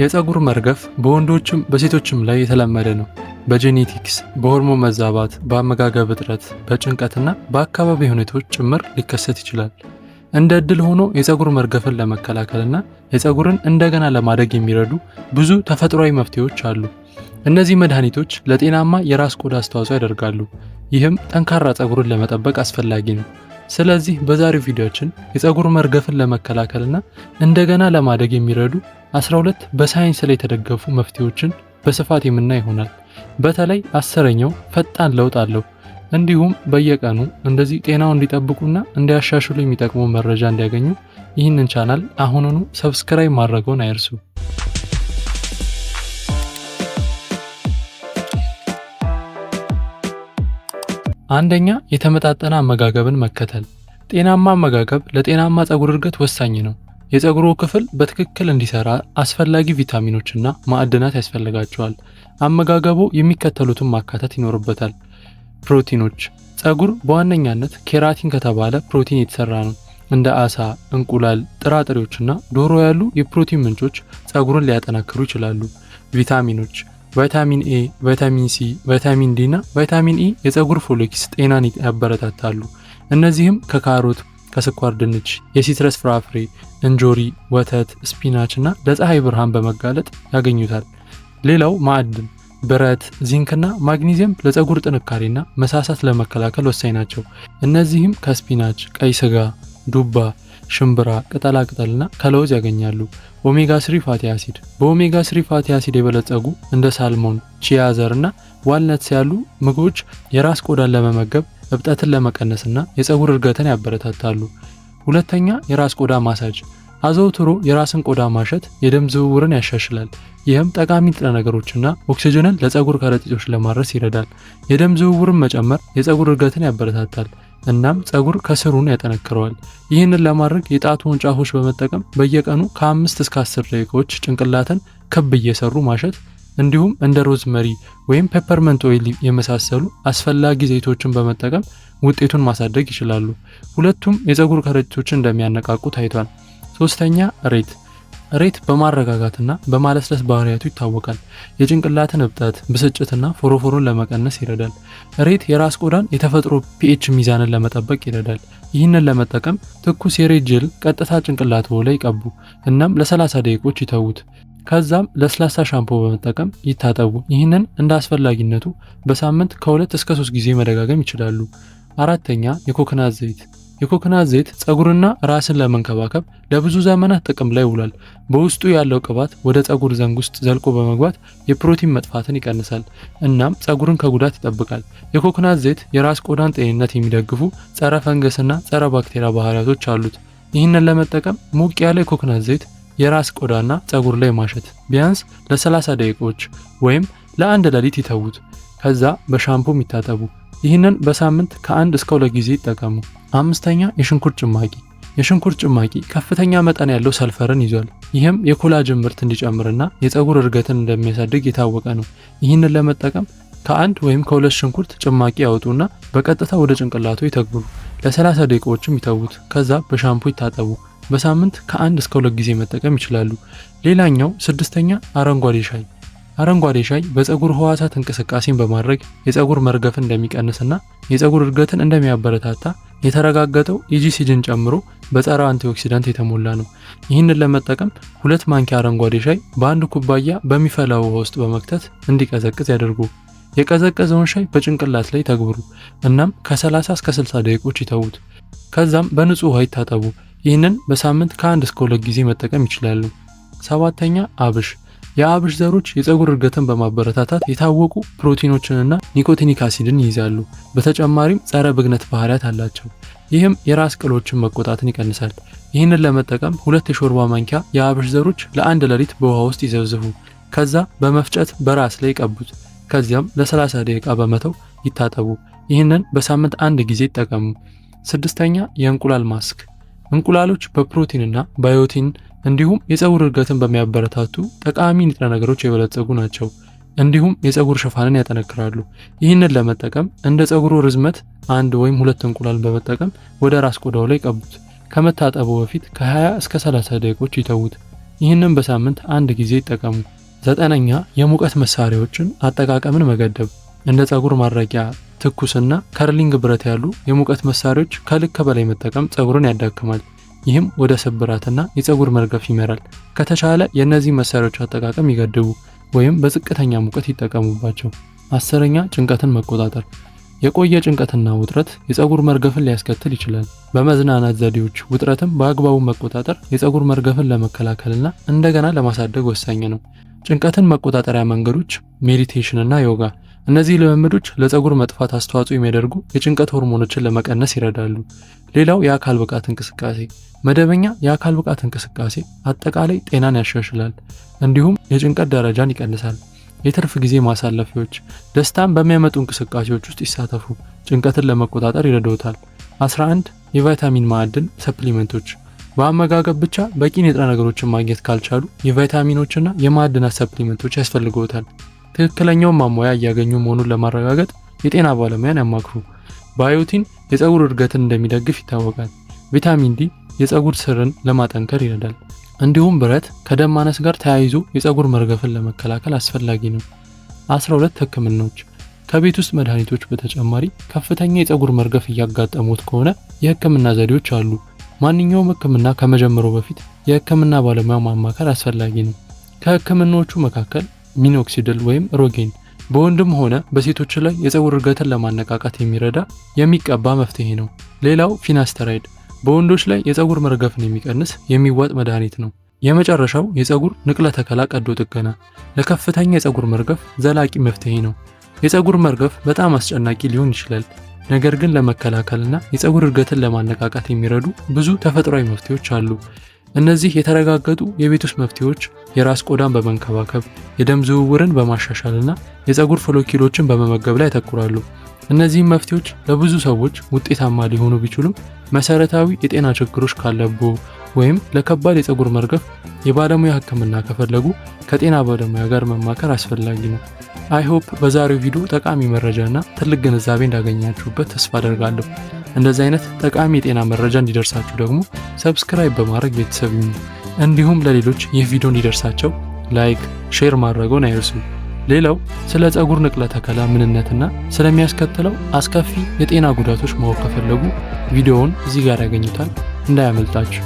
የፀጉር መርገፍ በወንዶችም በሴቶችም ላይ የተለመደ ነው። በጄኔቲክስ፣ በሆርሞን መዛባት፣ በአመጋገብ እጥረት፣ በጭንቀትና በአካባቢ ሁኔታዎች ጭምር ሊከሰት ይችላል። እንደ እድል ሆኖ የፀጉር መርገፍን ለመከላከልና የፀጉርን እንደገና ለማደግ የሚረዱ ብዙ ተፈጥሯዊ መፍትሄዎች አሉ። እነዚህ መድኃኒቶች ለጤናማ የራስ ቆዳ አስተዋጽኦ ያደርጋሉ። ይህም ጠንካራ ፀጉርን ለመጠበቅ አስፈላጊ ነው። ስለዚህ በዛሬው ቪዲዮችን የፀጉር መርገፍን ለመከላከልና እንደገና ለማደግ የሚረዱ 12 በሳይንስ ላይ የተደገፉ መፍትሄዎችን በስፋት የምናይ ይሆናል። በተለይ አስረኛው ፈጣን ለውጥ አለው። እንዲሁም በየቀኑ እንደዚህ ጤናው እንዲጠብቁና እንዲያሻሽሉ የሚጠቅሙ መረጃ እንዲያገኙ ይህንን ቻናል አሁኑኑ ሰብስክራይብ ማድረገውን አይርሱ። አንደኛ የተመጣጠነ አመጋገብን መከተል። ጤናማ አመጋገብ ለጤናማ ፀጉር እድገት ወሳኝ ነው። የፀጉሩ ክፍል በትክክል እንዲሰራ አስፈላጊ ቪታሚኖችና ማዕድናት ያስፈልጋቸዋል። አመጋገቡ የሚከተሉትን ማካተት ይኖርበታል። ፕሮቲኖች፣ ፀጉር በዋነኛነት ኬራቲን ከተባለ ፕሮቲን የተሰራ ነው። እንደ አሳ፣ እንቁላል፣ ጥራጥሬዎችና ዶሮ ያሉ የፕሮቲን ምንጮች ፀጉርን ሊያጠናክሩ ይችላሉ። ቪታሚኖች፣ ቫይታሚን ኤ፣ ቫይታሚን ሲ፣ ቫይታሚን ዲ እና ቫይታሚን ኢ የፀጉር ፎሎኪስ ጤናን ያበረታታሉ። እነዚህም ከካሮት ከስኳር ድንች፣ የሲትረስ ፍራፍሬ፣ እንጆሪ፣ ወተት፣ ስፒናች እና ለፀሐይ ብርሃን በመጋለጥ ያገኙታል። ሌላው ማዕድን ብረት፣ ዚንክና ማግኒዚየም ለፀጉር ጥንካሬና መሳሳት ለመከላከል ወሳኝ ናቸው። እነዚህም ከስፒናች፣ ቀይ ስጋ፣ ዱባ፣ ሽምብራ፣ ቅጠላቅጠልና ከለውዝ ያገኛሉ። ኦሜጋ 3 ፋቲ አሲድ በኦሜጋ 3 ፋቲ አሲድ የበለጸጉ እንደ ሳልሞን፣ ቺያዘር እና ዋልነትስ ያሉ ምግቦች የራስ ቆዳን ለመመገብ እብጠትን ለመቀነስና የፀጉር እድገትን ያበረታታሉ። ሁለተኛ የራስ ቆዳ ማሳጅ፣ አዘውትሮ የራስን ቆዳ ማሸት የደም ዝውውርን ያሻሽላል። ይህም ጠቃሚ ንጥረ ነገሮችና ኦክሲጅንን ለፀጉር ከረጢቶች ለማድረስ ይረዳል። የደም ዝውውርን መጨመር የፀጉር እድገትን ያበረታታል እናም ፀጉር ከስሩን ያጠነክረዋል። ይህንን ለማድረግ የጣቱን ጫፎች በመጠቀም በየቀኑ ከአምስት እስከ አስር ደቂቃዎች ጭንቅላትን ክብ እየሰሩ ማሸት እንዲሁም እንደ ሮዝመሪ ወይም ፔፐርመንት ኦይል የመሳሰሉ አስፈላጊ ዘይቶችን በመጠቀም ውጤቱን ማሳደግ ይችላሉ። ሁለቱም የፀጉር ከረጢቶችን እንደሚያነቃቁ ታይቷል። ሶስተኛ ሬት ሬት በማረጋጋትና በማለስለስ ባህሪያቱ ይታወቃል። የጭንቅላትን እብጠት፣ ብስጭትና ፎሮፎሮን ለመቀነስ ይረዳል። ሬት የራስ ቆዳን የተፈጥሮ ፒኤች ሚዛንን ለመጠበቅ ይረዳል። ይህንን ለመጠቀም ትኩስ የሬት ጅል ቀጥታ ጭንቅላት ላይ ይቀቡ እናም ለ30 ደቂቆች ይተዉት። ከዛም ለስላሳ ሻምፖ በመጠቀም ይታጠቡ። ይህንን እንደ አስፈላጊነቱ በሳምንት ከሁለት እስከ ሶስት ጊዜ መደጋገም ይችላሉ። አራተኛ የኮክናት ዘይት የኮክናት ዘይት ጸጉርና ራስን ለመንከባከብ ለብዙ ዘመናት ጥቅም ላይ ውሏል። በውስጡ ያለው ቅባት ወደ ጸጉር ዘንግ ውስጥ ዘልቆ በመግባት የፕሮቲን መጥፋትን ይቀንሳል፣ እናም ጸጉርን ከጉዳት ይጠብቃል። የኮክናት ዘይት የራስ ቆዳን ጤንነት የሚደግፉ ጸረ ፈንገስና ጸረ ባክቴሪያ ባህሪያቶች አሉት። ይህንን ለመጠቀም ሞቅ ያለ የኮክናት ዘይት የራስ ቆዳና ፀጉር ላይ ማሸት ቢያንስ ለ30 ደቂቃዎች ወይም ለአንድ ሌሊት ይተዉት። ከዛ በሻምፖ ይታጠቡ። ይህንን በሳምንት ከአንድ እስከ ሁለት ጊዜ ይጠቀሙ። አምስተኛ የሽንኩርት ጭማቂ የሽንኩርት ጭማቂ ከፍተኛ መጠን ያለው ሰልፈርን ይዟል። ይህም የኮላጅን ምርት እንዲጨምርና የፀጉር እድገትን እንደሚያሳድግ የታወቀ ነው። ይህንን ለመጠቀም ከአንድ ወይም ከሁለት ሽንኩርት ጭማቂ ያወጡና በቀጥታ ወደ ጭንቅላቱ ይተግብሩ። ለ30 ደቂቃዎችም ይተዉት። ከዛ በሻምፖ ይታጠቡ። በሳምንት ከአንድ እስከ ሁለት ጊዜ መጠቀም ይችላሉ። ሌላኛው ስድስተኛ አረንጓዴ ሻይ። አረንጓዴ ሻይ በፀጉር ህዋሳት እንቅስቃሴን በማድረግ የፀጉር መርገፍን እንደሚቀንስና የፀጉር እድገትን እንደሚያበረታታ የተረጋገጠው ኢጂሲድን ጨምሮ በጸረ አንቲኦክሲዳንት የተሞላ ነው። ይህንን ለመጠቀም ሁለት ማንኪያ አረንጓዴ ሻይ በአንድ ኩባያ በሚፈላ ውሃ ውስጥ በመክተት እንዲቀዘቅዝ ያደርጉ። የቀዘቀዘውን ሻይ በጭንቅላት ላይ ተግብሩ። እናም ከ30 እስከ 60 ደቂቆች ይተዉት። ከዛም በንጹህ ውሃ ይታጠቡ። ይህንን በሳምንት ከአንድ እስከ ሁለት ጊዜ መጠቀም ይችላሉ። ሰባተኛ አብሽ። የአብሽ ዘሮች የፀጉር እድገትን በማበረታታት የታወቁ ፕሮቲኖችንና ኒኮቲኒክ አሲድን ይይዛሉ። በተጨማሪም ጸረ ብግነት ባህሪያት አላቸው። ይህም የራስ ቅሎችን መቆጣትን ይቀንሳል። ይህንን ለመጠቀም ሁለት የሾርባ ማንኪያ የአብሽ ዘሮች ለአንድ ሌሊት በውሃ ውስጥ ይዘብዝቡ። ከዛ በመፍጨት በራስ ላይ ቀቡት ከዚያም ለ30 ደቂቃ በመተው ይታጠቡ። ይህንን በሳምንት አንድ ጊዜ ይጠቀሙ። ስድስተኛ የእንቁላል ማስክ እንቁላሎች በፕሮቲንና ባዮቲን እንዲሁም የፀጉር እድገትን በሚያበረታቱ ጠቃሚ ንጥረ ነገሮች የበለጸጉ ናቸው። እንዲሁም የፀጉር ሽፋንን ያጠነክራሉ። ይህንን ለመጠቀም እንደ ፀጉሩ ርዝመት አንድ ወይም ሁለት እንቁላል በመጠቀም ወደ ራስ ቆዳው ላይ ቀቡት። ከመታጠቡ በፊት ከ20 እስከ 30 ደቂቆች ይተዉት። ይህንን በሳምንት አንድ ጊዜ ይጠቀሙ። ዘጠነኛ የሙቀት መሳሪያዎችን አጠቃቀምን መገደብ እንደ ፀጉር ማድረቂያ ትኩስና ከርሊንግ ብረት ያሉ የሙቀት መሳሪያዎች ከልክ በላይ መጠቀም ጸጉርን ያዳክማል። ይህም ወደ ስብራትና የጸጉር መርገፍ ይመራል። ከተቻለ የእነዚህ መሳሪያዎች አጠቃቀም ይገድቡ ወይም በዝቅተኛ ሙቀት ይጠቀሙባቸው። አስረኛ ጭንቀትን መቆጣጠር የቆየ ጭንቀትና ውጥረት የፀጉር መርገፍን ሊያስከትል ይችላል። በመዝናናት ዘዴዎች ውጥረትን በአግባቡ መቆጣጠር የፀጉር መርገፍን ለመከላከልና እንደገና ለማሳደግ ወሳኝ ነው። ጭንቀትን መቆጣጠሪያ መንገዶች ሜዲቴሽን እና ዮጋ እነዚህ ልምምዶች ለፀጉር መጥፋት አስተዋጽኦ የሚያደርጉ የጭንቀት ሆርሞኖችን ለመቀነስ ይረዳሉ። ሌላው የአካል ብቃት እንቅስቃሴ፣ መደበኛ የአካል ብቃት እንቅስቃሴ አጠቃላይ ጤናን ያሻሽላል፣ እንዲሁም የጭንቀት ደረጃን ይቀንሳል። የትርፍ ጊዜ ማሳለፊያዎች፣ ደስታን በሚያመጡ እንቅስቃሴዎች ውስጥ ይሳተፉ፣ ጭንቀትን ለመቆጣጠር ይረዳውታል። 11 የቫይታሚን ማዕድን ሰፕሊመንቶች በአመጋገብ ብቻ በቂ ንጥረ ነገሮችን ማግኘት ካልቻሉ የቫይታሚኖችና የማዕድናት ሰፕሊመንቶች ያስፈልግዎታል። ትክክለኛውን ማሟያ እያገኙ መሆኑን ለማረጋገጥ የጤና ባለሙያን ያማክሩ። ባዮቲን የፀጉር እድገትን እንደሚደግፍ ይታወቃል። ቪታሚን ዲ የፀጉር ስርን ለማጠንከር ይረዳል። እንዲሁም ብረት ከደም ማነስ ጋር ተያይዞ የፀጉር መርገፍን ለመከላከል አስፈላጊ ነው። 12 ህክምናዎች ከቤት ውስጥ መድኃኒቶች በተጨማሪ ከፍተኛ የፀጉር መርገፍ እያጋጠሙት ከሆነ የህክምና ዘዴዎች አሉ። ማንኛውም ህክምና ከመጀመሩ በፊት የህክምና ባለሙያ ማማከር አስፈላጊ ነው። ከህክምናዎቹ መካከል ሚኖክሲድል ወይም ሮጌን በወንድም ሆነ በሴቶች ላይ የፀጉር እድገትን ለማነቃቃት የሚረዳ የሚቀባ መፍትሄ ነው። ሌላው ፊናስተራይድ በወንዶች ላይ የፀጉር መርገፍን የሚቀንስ የሚዋጥ መድኃኒት ነው። የመጨረሻው የፀጉር ንቅለ ተከላ ቀዶ ጥገና ለከፍተኛ የፀጉር መርገፍ ዘላቂ መፍትሄ ነው። የፀጉር መርገፍ በጣም አስጨናቂ ሊሆን ይችላል። ነገር ግን ለመከላከልና የፀጉር እድገትን ለማነቃቃት የሚረዱ ብዙ ተፈጥሯዊ መፍትሄዎች አሉ። እነዚህ የተረጋገጡ የቤት ውስጥ መፍትሄዎች የራስ ቆዳን በመንከባከብ የደም ዝውውርን በማሻሻል እና የፀጉር ፎሎኪሎችን በመመገብ ላይ ያተኩራሉ። እነዚህም መፍትሄዎች ለብዙ ሰዎች ውጤታማ ሊሆኑ ቢችሉም መሰረታዊ የጤና ችግሮች ካለቡ ወይም ለከባድ የፀጉር መርገፍ የባለሙያ ሕክምና ከፈለጉ ከጤና ባለሙያ ጋር መማከር አስፈላጊ ነው። አይሆፕ በዛሬው ቪዲዮ ጠቃሚ መረጃና ትልቅ ግንዛቤ እንዳገኛችሁበት ተስፋ አደርጋለሁ። እንደዚህ አይነት ጠቃሚ የጤና መረጃ እንዲደርሳችሁ ደግሞ ሰብስክራይብ በማድረግ ቤተሰብ ይሁኑ። እንዲሁም ለሌሎች ይህ ቪዲዮ እንዲደርሳቸው ላይክ፣ ሼር ማድረጎን አይርሱ። ሌላው ስለ ጸጉር ንቅለ ተከላ ምንነትና ስለሚያስከትለው አስከፊ የጤና ጉዳቶች ማወቅ ከፈለጉ ቪዲዮውን እዚህ ጋር ያገኙታል፣ እንዳያመልጣችሁ።